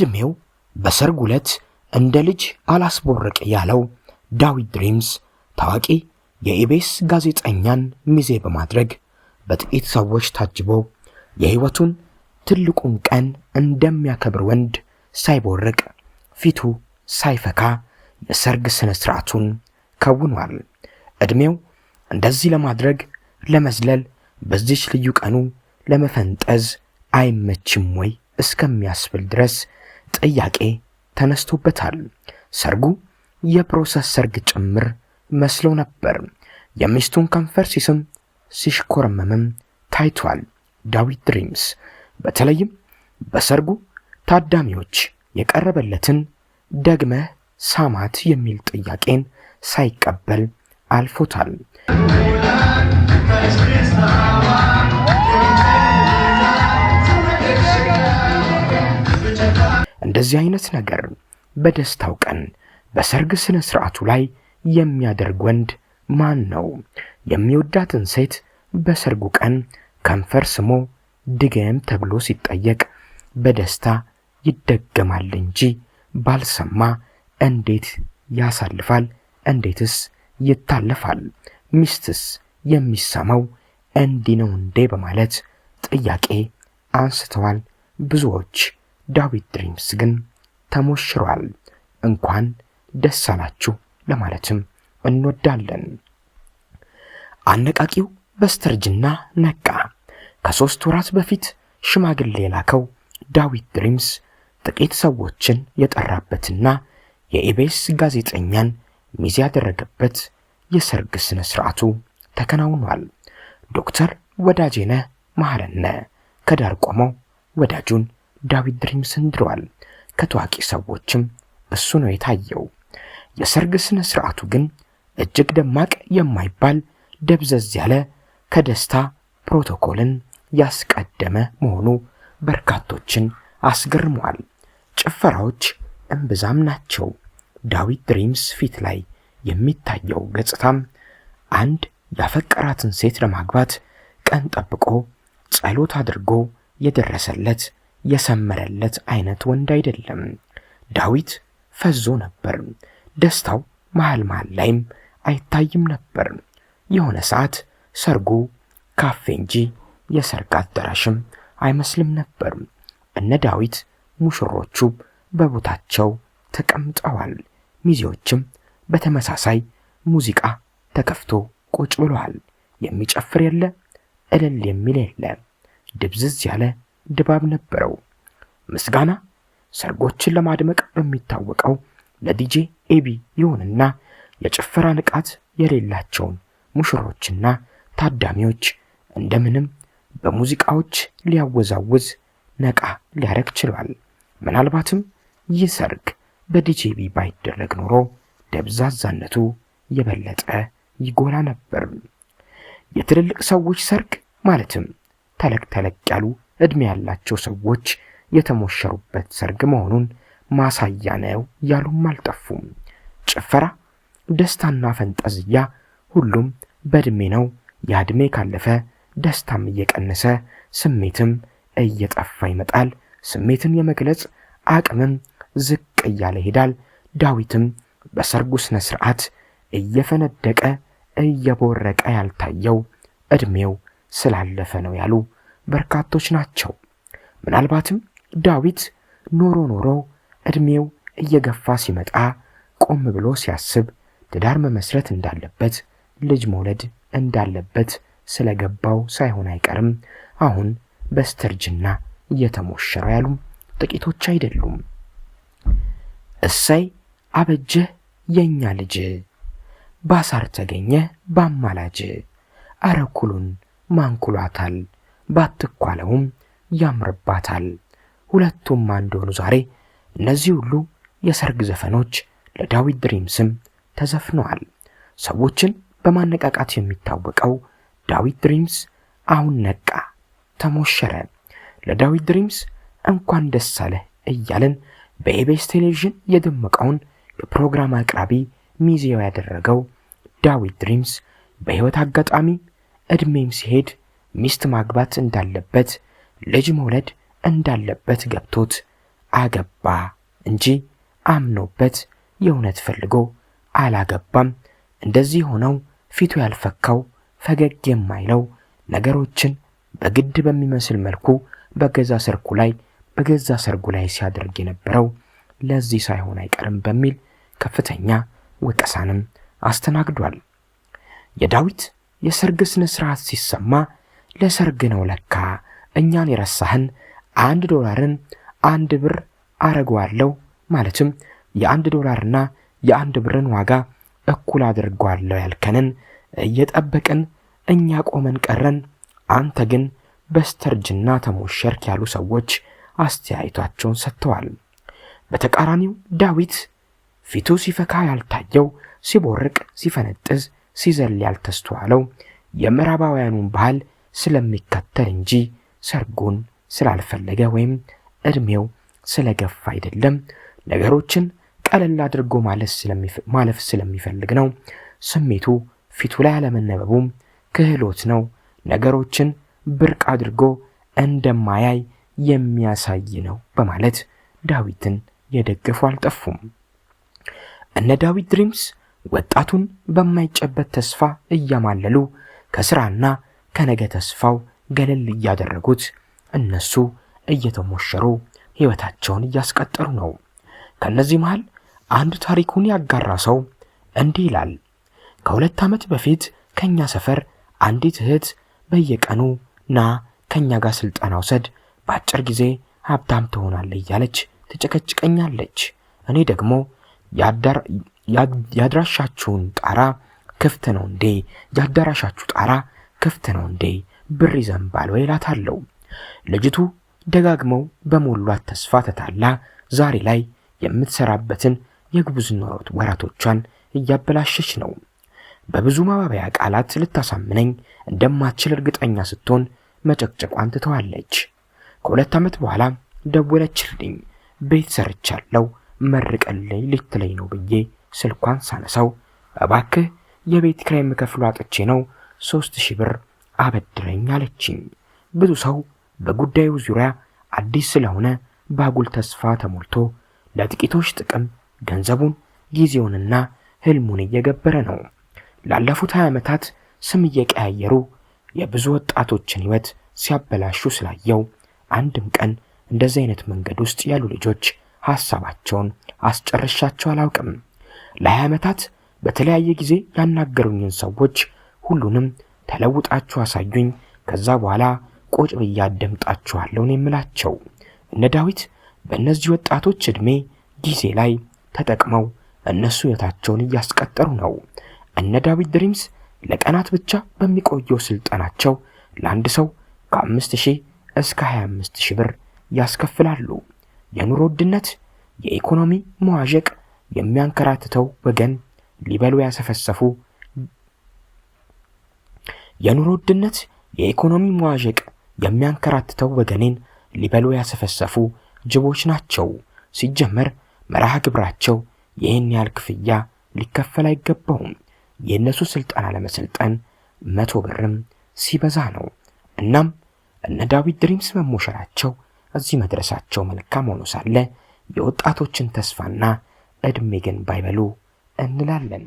በዕድሜው በሰርግ ዕለት እንደ ልጅ አላስቦረቀ ያለው ዳዊት ድሪምስ ታዋቂ የኢቤስ ጋዜጠኛን ሚዜ በማድረግ በጥቂት ሰዎች ታጅቦ የሕይወቱን ትልቁን ቀን እንደሚያከብር ወንድ ሳይቦርቅ ፊቱ ሳይፈካ የሰርግ ሥነ ሥርዓቱን ከውኗል። ዕድሜው እንደዚህ ለማድረግ ለመዝለል፣ በዚች ልዩ ቀኑ ለመፈንጠዝ አይመችም ወይ እስከሚያስብል ድረስ ጥያቄ ተነስቶበታል። ሰርጉ የፕሮሰስ ሰርግ ጭምር መስሎ ነበር። የሚስቱን ከንፈር ሲስም ሲሽኮረመምም ታይቷል። ዳዊት ድሪምስ በተለይም በሰርጉ ታዳሚዎች የቀረበለትን ደግመህ ሳማት የሚል ጥያቄን ሳይቀበል አልፎታል። እንደዚህ አይነት ነገር በደስታው ቀን በሰርግ ስነ ስርዓቱ ላይ የሚያደርግ ወንድ ማን ነው? የሚወዳትን ሴት በሰርጉ ቀን ከንፈር ስሞ ድገም ተብሎ ሲጠየቅ በደስታ ይደገማል እንጂ ባልሰማ እንዴት ያሳልፋል? እንዴትስ ይታለፋል? ሚስትስ የሚሰማው እንዲህ ነው እንዴ? በማለት ጥያቄ አንስተዋል ብዙዎች። ዳዊት ድሪምስ ግን ተሞሽሯል። እንኳን ደስ አላችሁ ለማለትም እንወዳለን። አነቃቂው በስተርጅና ነቃ። ከሦስት ወራት በፊት ሽማግሌ የላከው ዳዊት ድሪምስ ጥቂት ሰዎችን የጠራበትና የኢቤስ ጋዜጠኛን ሚዝ ያደረገበት የሰርግ ሥነ ሥርዓቱ ተከናውኗል። ዶክተር ወዳጄነህ መሐረነ ከዳር ቆመው ወዳጁን ዳዊት ድሪምስን ድሯል። ከታዋቂ ሰዎችም እሱ ነው የታየው። የሰርግ ስነ ስርዓቱ ግን እጅግ ደማቅ የማይባል ደብዘዝ ያለ ከደስታ ፕሮቶኮልን ያስቀደመ መሆኑ በርካቶችን አስገርሟል። ጭፈራዎች እምብዛም ናቸው። ዳዊት ድሪምስ ፊት ላይ የሚታየው ገጽታም አንድ ያፈቀራትን ሴት ለማግባት ቀን ጠብቆ ጸሎት አድርጎ የደረሰለት የሰመረለት አይነት ወንድ አይደለም። ዳዊት ፈዞ ነበር። ደስታው መሃል መሃል ላይም አይታይም ነበር። የሆነ ሰዓት ሰርጉ ካፌ እንጂ የሰርግ አዳራሽም አይመስልም ነበር። እነ ዳዊት ሙሽሮቹ በቦታቸው ተቀምጠዋል። ሚዜዎችም በተመሳሳይ ሙዚቃ ተከፍቶ ቁጭ ብለዋል። የሚጨፍር የለ፣ እልል የሚል የለ፣ ድብዝዝ ያለ ድባብ ነበረው። ምስጋና ሰርጎችን ለማድመቅ በሚታወቀው ለዲጄ ኤቢ ይሁንና የጭፈራ ንቃት የሌላቸውን ሙሽሮችና ታዳሚዎች እንደምንም በሙዚቃዎች ሊያወዛውዝ ነቃ ሊያደርግ ችሏል። ምናልባትም ይህ ሰርግ በዲጄ ቢ ባይደረግ ኖሮ ደብዛዛነቱ የበለጠ ይጎላ ነበር። የትልልቅ ሰዎች ሰርግ ማለትም ተለቅ ተለቅ ያሉ ዕድሜ ያላቸው ሰዎች የተሞሸሩበት ሰርግ መሆኑን ማሳያ ነው ያሉም አልጠፉም። ጭፈራ፣ ደስታና ፈንጠዝያ ሁሉም በዕድሜ ነው። ያ ዕድሜ ካለፈ ደስታም እየቀነሰ ስሜትም እየጠፋ ይመጣል። ስሜትን የመግለጽ አቅምም ዝቅ እያለ ይሄዳል። ዳዊትም በሰርጉ ስነ ስርዓት እየፈነደቀ እየቦረቀ ያልታየው ዕድሜው ስላለፈ ነው ያሉ በርካቶች ናቸው። ምናልባትም ዳዊት ኖሮ ኖሮ ዕድሜው እየገፋ ሲመጣ ቆም ብሎ ሲያስብ ትዳር መመስረት እንዳለበት፣ ልጅ መውለድ እንዳለበት ስለገባው ሳይሆን አይቀርም አሁን በስተርጅና እየተሞሸረ ያሉም ጥቂቶች አይደሉም። እሰይ አበጀህ የእኛ ልጅ፣ ባሳር ተገኘ ባማላጅ፣ አረኩሉን ማንኩሏታል ባትኳለውም ያምርባታል። ሁለቱም አንድ ሆኑ። ዛሬ እነዚህ ሁሉ የሰርግ ዘፈኖች ለዳዊት ድሪም ስም ተዘፍነዋል። ሰዎችን በማነቃቃት የሚታወቀው ዳዊት ድሪምስ አሁን ነቃ፣ ተሞሸረ። ለዳዊት ድሪምስ እንኳን ደስ አለህ እያለን በኢቤስ ቴሌቪዥን የደመቀውን የፕሮግራም አቅራቢ ሚዜው ያደረገው ዳዊት ድሪምስ በሕይወት አጋጣሚ ዕድሜም ሲሄድ ሚስት ማግባት እንዳለበት ልጅ መውለድ እንዳለበት ገብቶት አገባ እንጂ አምኖበት የእውነት ፈልጎ አላገባም። እንደዚህ ሆነው ፊቱ ያልፈካው ፈገግ የማይለው ነገሮችን በግድ በሚመስል መልኩ በገዛ ሰርጉ ላይ በገዛ ሰርጉ ላይ ሲያደርግ የነበረው ለዚህ ሳይሆን አይቀርም በሚል ከፍተኛ ወቀሳንም አስተናግዷል። የዳዊት የሰርግ ስነ ስርዓት ሲሰማ ለሰርግ ነው ለካ እኛን የረሳህን አንድ ዶላርን አንድ ብር አረገዋለሁ ማለትም የአንድ ዶላርና የአንድ ብርን ዋጋ እኩል አድርጓለሁ ያልከንን እየጠበቅን እኛ ቆመን ቀረን። አንተ ግን በስተርጅና ተሞሸርክ ያሉ ሰዎች አስተያየታቸውን ሰጥተዋል። በተቃራኒው ዳዊት ፊቱ ሲፈካ ያልታየው፣ ሲቦርቅ፣ ሲፈነጥዝ፣ ሲዘል ያልተስተዋለው የምዕራባውያኑን ባህል ስለሚከተል እንጂ ሰርጉን ስላልፈለገ ወይም እድሜው ስለገፋ አይደለም። ነገሮችን ቀለል አድርጎ ማለፍ ስለሚፈልግ ነው። ስሜቱ ፊቱ ላይ አለመነበቡም ክህሎት ነው። ነገሮችን ብርቅ አድርጎ እንደማያይ የሚያሳይ ነው በማለት ዳዊትን የደገፉ አልጠፉም። እነ ዳዊት ድሪምስ ወጣቱን በማይጨበት ተስፋ እያማለሉ ከስራና ከነገ ተስፋው ገለል እያደረጉት እነሱ እየተሞሸሩ ሕይወታቸውን እያስቀጠሉ ነው። ከእነዚህ መሃል አንድ ታሪኩን ያጋራ ሰው እንዲህ ይላል። ከሁለት ዓመት በፊት ከእኛ ሰፈር አንዲት እህት በየቀኑ ና ከእኛ ጋር ሥልጠና ውሰድ፣ በአጭር ጊዜ ሀብታም ትሆናለህ እያለች ትጨቀጭቀኛለች። እኔ ደግሞ የአድራሻችሁን ጣራ ክፍት ነው እንዴ? የአዳራሻችሁ ጣራ ክፍት ነው እንዴ ብር ይዘንባል ወይ እላታለሁ። ልጅቱ ደጋግመው በሞሏት ተስፋ ተታላ ዛሬ ላይ የምትሰራበትን ኖሮት ወራቶቿን እያበላሸች ነው። በብዙ ማባቢያ ቃላት ልታሳምነኝ እንደማትችል እርግጠኛ ስትሆን መጨቅጨቋን ትተዋለች። ከሁለት ዓመት በኋላ ደወለችልኝ። ቤት ሰርቻለሁ መርቀልኝ ልትለኝ ነው ብዬ ስልኳን ሳነሳው እባክህ የቤት ክራይ የምከፍሉ አጥቼ ነው ሶስት ሺህ ብር አበድረኝ አለችኝ። ብዙ ሰው በጉዳዩ ዙሪያ አዲስ ስለሆነ በአጉል ተስፋ ተሞልቶ ለጥቂቶች ጥቅም ገንዘቡን፣ ጊዜውንና ህልሙን እየገበረ ነው። ላለፉት ሀያ ዓመታት ስም እየቀያየሩ የብዙ ወጣቶችን ሕይወት ሲያበላሹ ስላየው አንድም ቀን እንደዚህ አይነት መንገድ ውስጥ ያሉ ልጆች ሐሳባቸውን አስጨርሻቸው አላውቅም። ዓመታት በተለያየ ጊዜ ያናገሩኝን ሰዎች ሁሉንም ተለውጣችሁ አሳዩኝ፣ ከዛ በኋላ ቁጭ ብዬ አደምጣችኋለሁ ነው የምላቸው። እነ ዳዊት በእነዚህ ወጣቶች ዕድሜ ጊዜ ላይ ተጠቅመው እነሱ ሕይወታቸውን እያስቀጠሩ ነው። እነ ዳዊት ድሪምስ ለቀናት ብቻ በሚቆየው ስልጠናቸው ለአንድ ሰው ከአምስት ሺህ እስከ 25 ሺህ ብር ያስከፍላሉ። የኑሮ ውድነት፣ የኢኮኖሚ መዋዠቅ የሚያንከራትተው ወገን ሊበሉ ያሰፈሰፉ የኑሮ ውድነት፣ የኢኮኖሚ መዋዠቅ የሚያንከራትተው ወገኔን ሊበሉ ያሰፈሰፉ ጅቦች ናቸው። ሲጀመር መርሃ ግብራቸው ይህን ያህል ክፍያ ሊከፈል አይገባውም። የእነሱ ስልጠና ለመሰልጠን መቶ ብርም ሲበዛ ነው። እናም እነ ዳዊት ድሪምስ መሞሸራቸው እዚህ መድረሳቸው መልካም ሆኖ ሳለ የወጣቶችን ተስፋና ዕድሜ ግን ባይበሉ እንላለን።